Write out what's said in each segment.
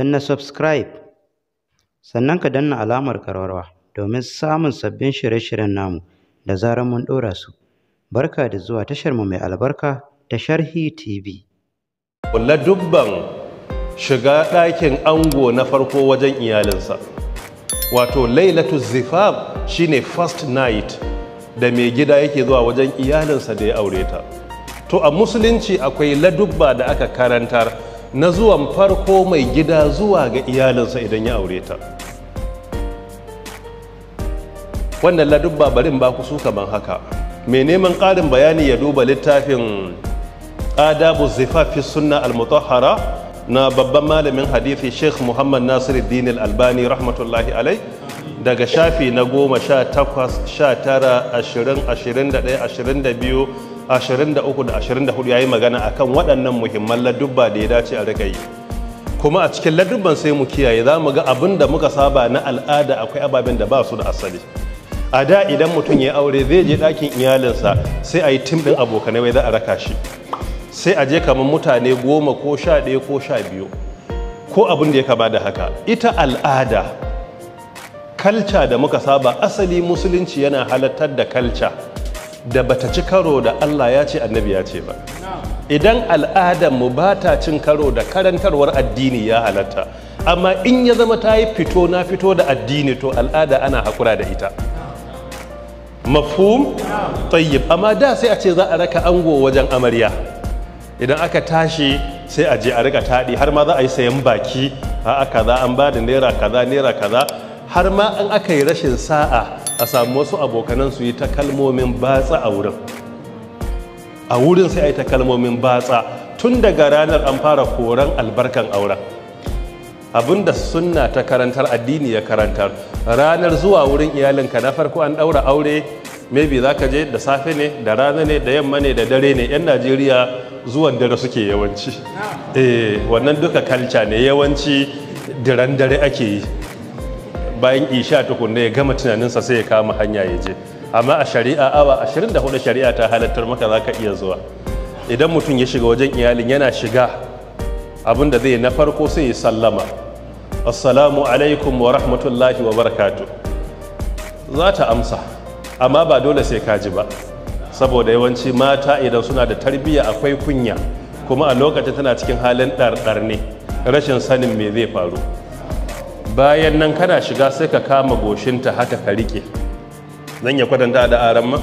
na subscribe sannan ka danna alamar karwarwa domin samun sabbin shirye-shiryen namu da zarar mun ɗora su barka da zuwa tashar mu mai albarka ta sharhi tv kula dubban shiga ɗakin ango na farko wajen iyalinsa wato lailatu zifab shine first night da mai gida yake zuwa wajen iyalinsa da ya aure ta to a musulunci akwai ladubba da aka karantar na zuwan farko mai gida zuwa ga iyalinsa idan ya aure ta wannan ladubba barin ba ku su kamar haka mai neman ƙarin bayani ya duba littafin adabu zifafi sunna al-mutahhara na babban malamin hadithi sheikh muhammad nasiru al-albani rahmatullahi alai daga shafi na goma sha takwas sha tara ashirin ashirin da ɗaya ashirin da biyu 23 da 24 ya yi magana akan waɗannan muhimman ladubba da ya dace a rika kuma a cikin ladubban sai mu kiyaye za mu ga abin da muka saba na al'ada akwai ababen da ba su da asali a da idan mutum ya aure zai je ɗakin iyalinsa sai a yi tim ɗin abokanai wai za a raka shi sai a je kamar mutane goma ko sha ɗaya ko sha biyu ko abin da ya kama da haka ita al'ada kalca da muka saba asali musulunci yana halattar da kalca da bata ci karo da Allah ya ce annabi ya ce ba idan al'adar mu ba ta cin karo da karantarwar addini ya halatta amma in ya zama ta yi fito na fito da addini to al'ada ana hakura da ita mafhum tayyib amma da sai a ce za a raka ango wajen amarya idan aka tashi sai a je a rika taɗi har ma za a yi sayan baki a kaza an ba da naira kaza naira kaza har ma an aka yi rashin sa'a a samu wasu abokanan su yi ta batsa a wurin a wurin sai a yi takalmomin batsa tun daga ranar an fara koran albarkan auren abinda sunna ta karantar addini ya karantar ranar zuwa wurin iyalinka na farko an daura aure maybe za ka je da safe ne da rana ne da yamma ne da dare ne 'yan najeriya zuwan dare suke yawanci eh wannan duka kalca ne yawanci diran dare ake yi bayan isha tukunna ya gama tunaninsa sai ya kama hanya ya je amma a shari'a awa 24 shari'a ta halattar maka za ka iya zuwa idan mutum ya shiga wajen iyalin yana shiga abin zai na farko sai ya sallama assalamu alaikum wa rahmatullahi wa barakatu za ta amsa amma ba dole sai ka ji ba saboda yawanci mata idan suna da tarbiyya akwai kunya kuma a lokacin tana cikin halin ɗarɗar ne rashin sanin me zai faru bayan nan kana shiga sai ka kama goshinta haka ka rike zan ya kwatanta da aran ma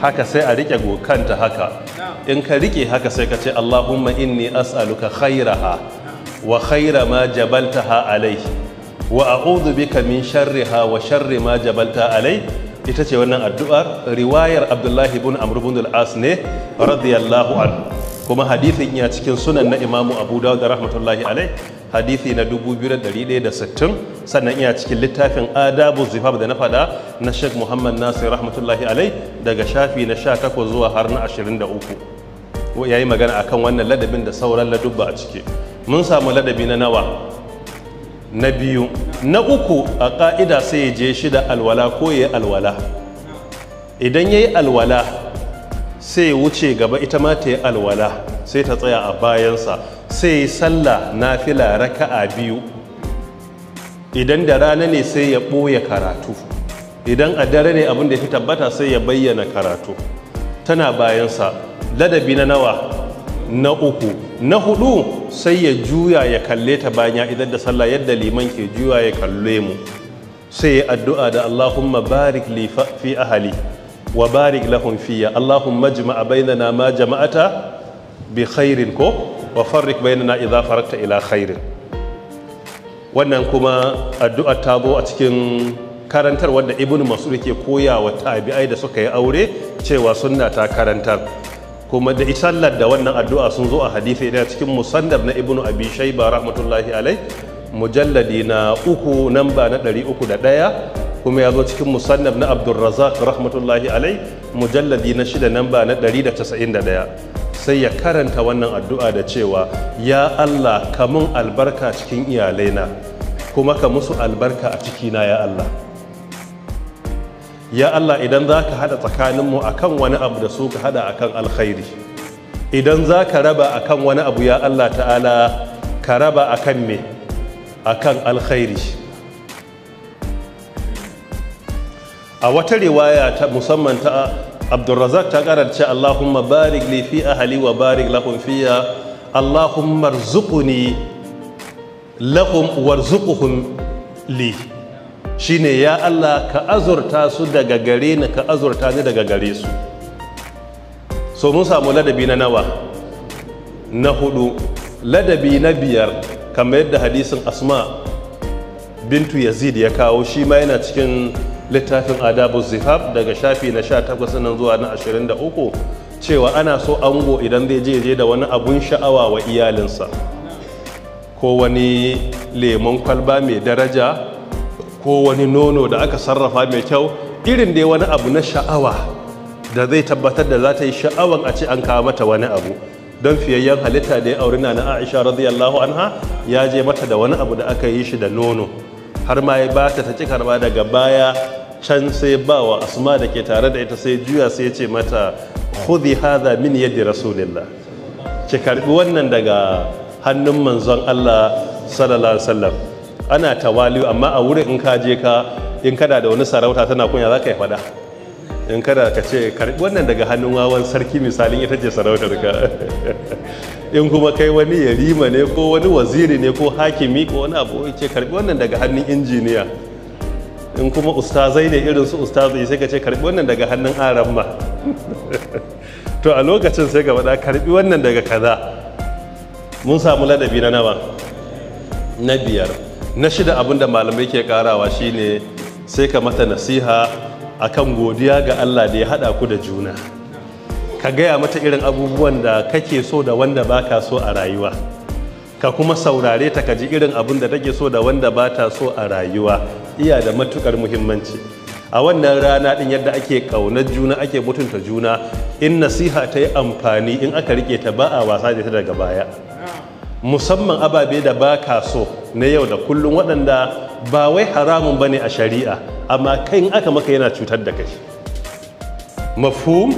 haka sai a rike gokanta haka in ka rike haka sai ka ce Allahumma inni as'aluka khairaha wa khaira ma jabaltaha alai wa a'udhu bika min sharriha wa sharri ma jabalta alai ita ce wannan addu'ar riwayar Abdullahi ibn Amr ibn al-As ne radiyallahu anhu kuma hadithin ya cikin sunan na Imam Abu Dawud rahmatullahi alai hadithi na 2160 sannan iya cikin littafin adabu zifab da na faɗa na sheikh muhammad nasir rahmatullahi alai daga shafi na 18 zuwa har na 23 ya yi magana akan wannan ladabin da sauran ladubba a ciki mun samu ladabi na nawa na biyu na uku a ka'ida sai ya je shida alwala ko ya alwala idan ya yi alwala sai wuce gaba ita ma ta yi alwala sai ta tsaya a bayansa sai sallah na fila raka'a biyu idan da rana ne sai ya ɓoye karatu idan a dare ne abin da fi tabbata sai ya bayyana karatu tana bayansa ladabi na nawa na uku na hudu sai ya juya ya kalle ta bayan idan da sallah yadda liman ke juya ya kalle mu sai ya addu'a da allahumma barik li fi ahali wa barik lahum fiya allahumma jama'a bainana ma jama'ata bi khairin ko wa farrik bainana idza farakta ila khairin wannan kuma addu'a ta zo a cikin karantar wanda Ibnu mas'ud ke koya wa tabi'ai da suka yi aure cewa sunna ta karantar kuma da isallar da wannan addu'a sun zo a hadisi da cikin musannab na Ibnu abi shayba rahmatullahi alai mujalladi na uku namba na 301 kuma ya zo cikin musannaf na abdulrazak rahmatullahi alai mujalladi na shida nan ba na 191 sai ya karanta wannan addu'a da cewa ya allah ka mun albarka cikin iyalaina kuma ka musu albarka a cikina ya allah ya allah idan za ka haɗa tsakaninmu a kan wani abu da su ka haɗa a kan alkhairi idan za ka raba a kan wani abu ya allah ta'ala ka raba a kan me a kan alkhairi a wata riwaya ta musamman ta abdulrazak ta karar ce allahumma barik li fi ahli wa barik lahum fiya allahumma zuquni lahum warzuquhum li shine ya allah ka azurta su daga gare ni ka azurta ni daga gare su so mun samu ladabi na nawa na hudu ladabi na biyar kamar yadda hadisin asma bintu yazid ya kawo shi ma yana cikin littafin adabu zifaf daga shafi na sha takwas nan zuwa na ashirin da uku cewa ana so ango idan zai je je da wani abun sha'awa wa iyalinsa ko wani lemon kwalba mai daraja ko wani nono da aka sarrafa mai kyau irin dai wani abu na sha'awa da zai tabbatar da za ta yi sha'awan a ce an kawo mata wani abu don fiyayyen halitta da ya auri na aisha radiyallahu anha ya je mata da wani abu da aka yi shi da nono har ma ya bata ta ta karba daga baya can sai ba wa asma da ke tare da ita sai juya sai ce mata khudhi hadha min yadi rasulillah ki karbi wannan daga hannun manzon Allah sallallahu alaihi wasallam ana tawali amma a wurin in ka je ka in kada da wani sarauta tana kunya zaka yi fada in kada ka ce wannan daga hannun wawan sarki misalin ita ce sarautar ka in kuma kai wani yarima ne ko wani waziri ne ko hakimi ko wani abu ce karbi wannan daga hannun injiniya in kuma ustazai ne irin su ustazai sai ka ce karbi wannan daga hannun aramma to a lokacin sai ka faɗa karbi wannan daga kaza mun samu ladabi na nawa na biyar na shida abinda malamai ke karawa shine sai ka mata nasiha akan godiya ga Allah da ya haɗa ku da juna ka gaya mata irin abubuwan da kake so da wanda baka so a rayuwa ka kuma saurare ta kaji irin abun da take so da wanda ba ta so a rayuwa iya da matukar muhimmanci a wannan rana ɗin yadda ake ƙaunar juna ake mutunta juna in nasiha ta yi amfani in aka rike ta ba a wasa da ta daga baya musamman ababe da baka so na yau da kullum waɗanda ba wai haramun bane a shari'a amma kai in aka maka yana cutar da kai mafhum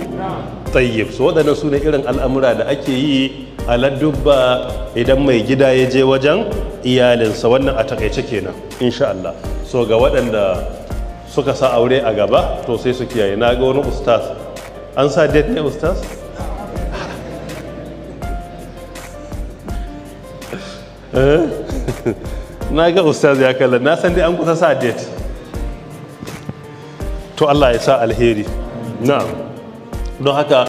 tayyib so waɗannan su ne irin al'amura da ake yi a ladubba idan mai gida ya je wajen iyalinsa wannan a takaice kenan insha Allah so ga waɗanda suka sa aure a gaba to sai su kiyaye na ga wani ustaz an sa date ne ustaz eh? na ga ustaz ya kalla na san dai an kusa sa date to Allah ya sa alheri na'am don haka